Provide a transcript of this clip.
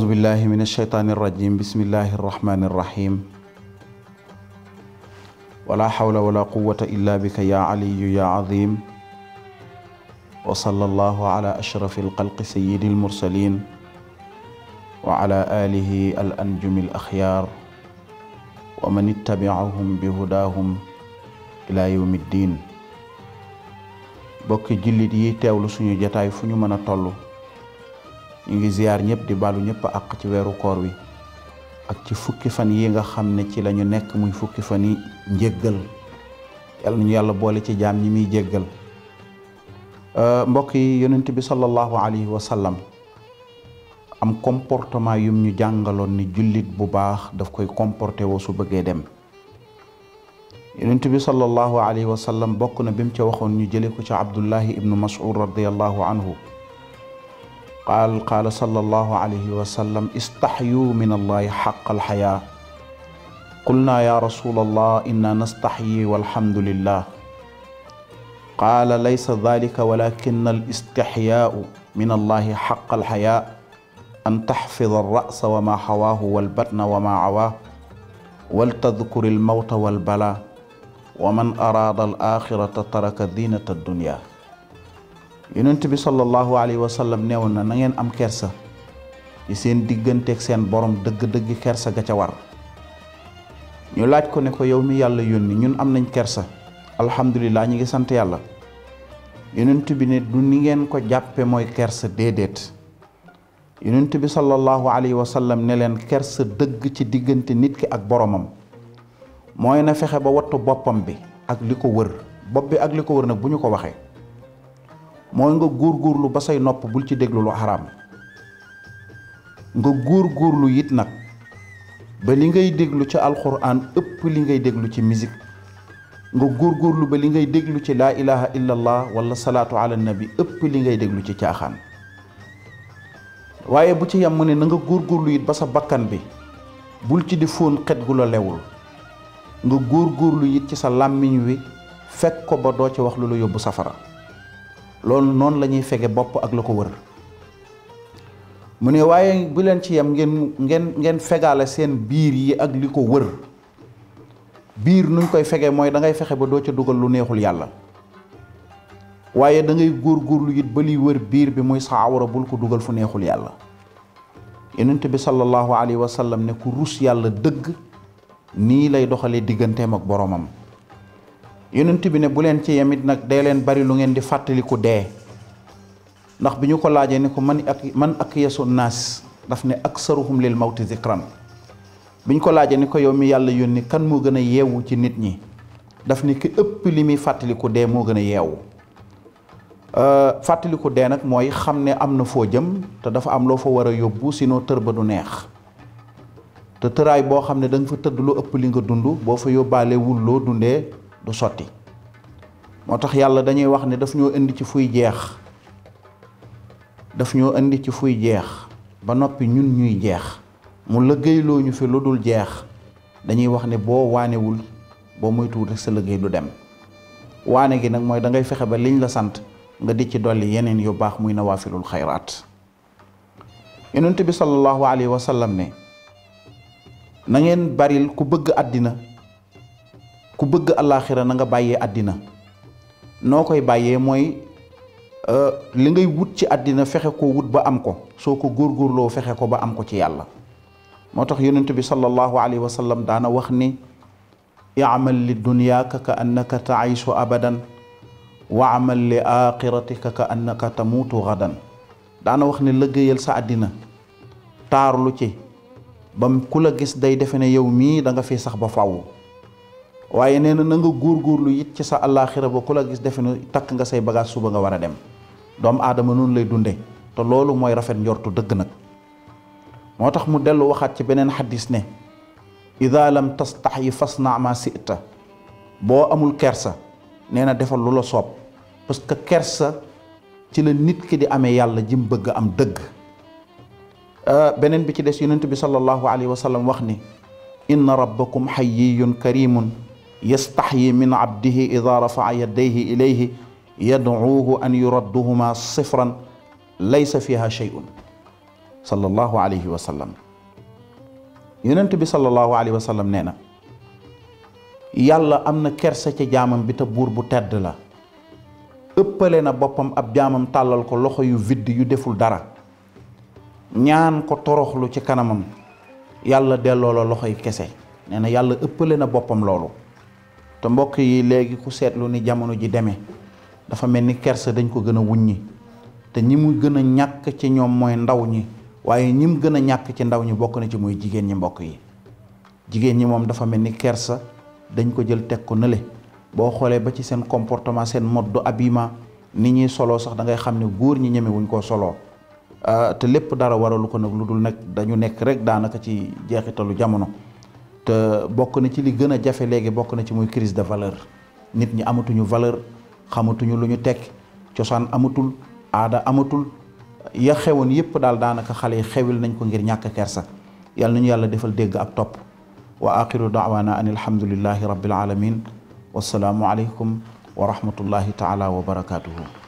أعوذ بالله من الشيطان الرجيم بسم الله الرحمن الرحيم ولا حول ولا قوة إلا بك يا علي يا عظيم وصلى الله على أشرف القلق سيد المرسلين وعلى آله الأنجم الأخيار ومن اتبعهم بهداهم إلى يوم الدين bokki jullit yi teewlu suñu jataay fu ñu mën a toll ñu ngi ziyaar ñëpp di balu ñëpp ak ci weeru koor wi ak ci fukki fan yi nga xam ne ci lañu nekk muy fukki fan yi njéggal yàlla nañu yàlla boole ci jaam ñi muy jéggal euh, mbokk yi yonent bi sallallahu alayhi wa sallam am comportement yum ñu jàngaloon ni jullit bu baax daf koy comporté woo su bëggee dem yonent bi sallallahu alayhi wa sallam bokk na bi mu ca waxoon ñu jële ko ci abdullahi ibnu mas'ud radiallahu anhu qaal qaala sallallahu alayhi wa sallam istaxyu min allahi xaq alxayaa qulnaa yaa rasulallah inna nastaxyi walhamdulillah qaala laysa dalika walakin alistixyaau min allahi xaq alxayaa an taxfida alrasa wa maa xawaahu walbatna wa maa awaa waltadkur almawta walbalaa wa man araada alaaxirata taraka diinata addunya yonent bi sallallahu alayhi wa sallam neewoon na na ngeen am kersa ci seen digganteeg seen borom dëgg-dëgg kersa ga ca war ñu laaj ko ne ko yow mi yàlla yónni ñun am nañ kersa alhamdulilah ñu ngi sant yàlla yonent bi ne du ni ngeen ko jàppe mooy kersa déedéet yonent bi sallallahu alayhi wa sallam ne leen kers sa dëgg ci diggante nit ki ak boroomam mooy na fexe ba wottu boppam bi ak li ko wër bopp bi ak li ko wër nag bu ñu ko waxee mooy nga góor góorlu ba say nopp bul ci déglu lu xaraam nga góorgóorlu it nag ba li ngay déglu ci alxuraan ëpp li ngay déglu ci musique nga góorlu ba li ngay déglu ci laa ilaha illallah wala salaatu ala nabi ëpp li ngay déglu ci caaxaan waaye bu ci yam mu ne na nga góor góorlu it ba sa bakkan bi bul ci di fóon xet gu la lewul nga góorgóorlu it ci sa làmmiñ wi fekk ko ba doo ci wax lu la yóbbu safara loolu noonu la ñuy fege bopp ak la ko wër mu ne waaye bu leen ci yem ngeen ngeen ngeen fegaale seen biir yi ak li ko wër biir nuñ koy fege mooy da ngay fexe ba doo ca dugal lu neexul yàlla waaye dangay góor góorlu it ba liy wër biir bi muy sa awra bul ko dugal fu neexul yàlla yonent bi sallallahu alayhi wa sallam ne ku rus yàlla dëgg nii lay doxalee digganteem ak boroomam yonent bi ne bu leen ci yemit nag dee leen bari lu ngeen di fàttaliku dee ndax bi ñu ko laajee ni ko man ak man ak yesu naas daf ne aksaruhum lil mawti zikran bi ñu ko laajee ni ko yow mi yàlla yónni kan moo gën a yeewu ci nit ñi daf ne ki ëpp li muy fàttaliku dee moo gën a yeewu euh, fàttaliku dee nag mooy xam ne am na foo jëm te dafa am loo fa war a yóbbu noo tër ba du neex te tëraay boo xam ne da fa tëdd lu ëpp li nga dund boo fa yóbbaale wul loo dundee du sotti moo tax yàlla dañuy wax ne daf ñoo indi ci fuy jeex daf ñoo indi ci fuy jeex ba noppi ñun ñuy jeex mu lëggéeyloo ñu fi lu dul jeex dañuy wax ne boo waanewul boo moytuwul rek sa lëggéey du dem waane gi nag mooy dangay fexe ba liñ la sant nga di ci dolli yeneen yu baax muy nawaafilul xayraat yonent bi sallallahu alayhi wa sallam ne na baril ku bëgg àddina ku bëgg àllaaxira na nga bàyyee àddina noo koy bàyyee mooy euh, li ngay wut ci àddina fexe ko wut ba am ko soo ko góorgóorloo fexe ko ba am ko ci yàlla moo tax yonent bi sallallahu alayhi wa daana wax ni imal li dunyaaka wa amal li axiratika wax ne lëggéeyal sa àddina taarlu ci bam ku la gis day defe ne yow mii danga fi sax ba faw waaye nee na na nga góorgóorlu it ci sa àllaaxira ba ku la gis defe takk nga say bagage suba nga war a dem doomu aadama noonu lay dunde te loolu mooy rafet njortu dëgg nag moo tax mu dellu waxaat ci beneen xaddis ne ida lam fas fasna ma sita boo amul kersa nee na defal lu la soob parce que kersa ci la nit ki di amee yàlla jim bëgg am dëgg euh, beneen bi ci des yonent bi sallallahu alayhi wa sallam wax ni inna rabbakum xayiyun karimun yastaxyi min abdihi ida rafaca yadayhi ilayhi yadcuuhu an yuradduhuma sifran laysa fiha sheyun sallallahu alayhi wa sallam yonent bi sallallahu alayhi wa sallam nee na yàlla am na kersa ca jaamam bi te buur bu tedd la ëppale na boppam ab jaamam tàllal ko loxo yu vidd yu deful dara ñaan ko toroxlu ci kanamam yàlla delloo la loxoy kese nee na yàlla ëppale na boppam loolu te mbokk yi léegi ku seetlu ni jamono ji demee dafa mel ni kersa dañ ko gën a wuñ wuññi te ñi mu gën a ñàkk ci ñoom mooy ndaw ñi waaye ñi mu gën a ñàkk ci ndaw ñi bokk na ci mooy jigéen ñi mbokk yi jigéen ñi moom dafa mel ni kersa dañ ko jël teg ko nële boo xoolee ba ci seen comportement seen mode d'habillement ni ñuy solo sax da ngay xam ne góor ñi ñemewuñ koo soloo ah, te lépp dara waralu ko nag lu dul nag dañu nekk rek daanaka ci jeexitalu jamono bokk na ci li gën a jafe léegi bokk na ci muy crise de valeur nit ñi amatuñu valeur xamatuñu lu ñu teg cosaan amatul aada amatul ya xewoon yépp daal daanaka xale yi xewil nañ ko ngir ñàkk kersa yàlla nañu yàlla defal dégg ak topp wa axiru daawana an alhamdulillahi rabbil alamin wassalaamu aleykum wa rahmatullahi taala wa barakatuhu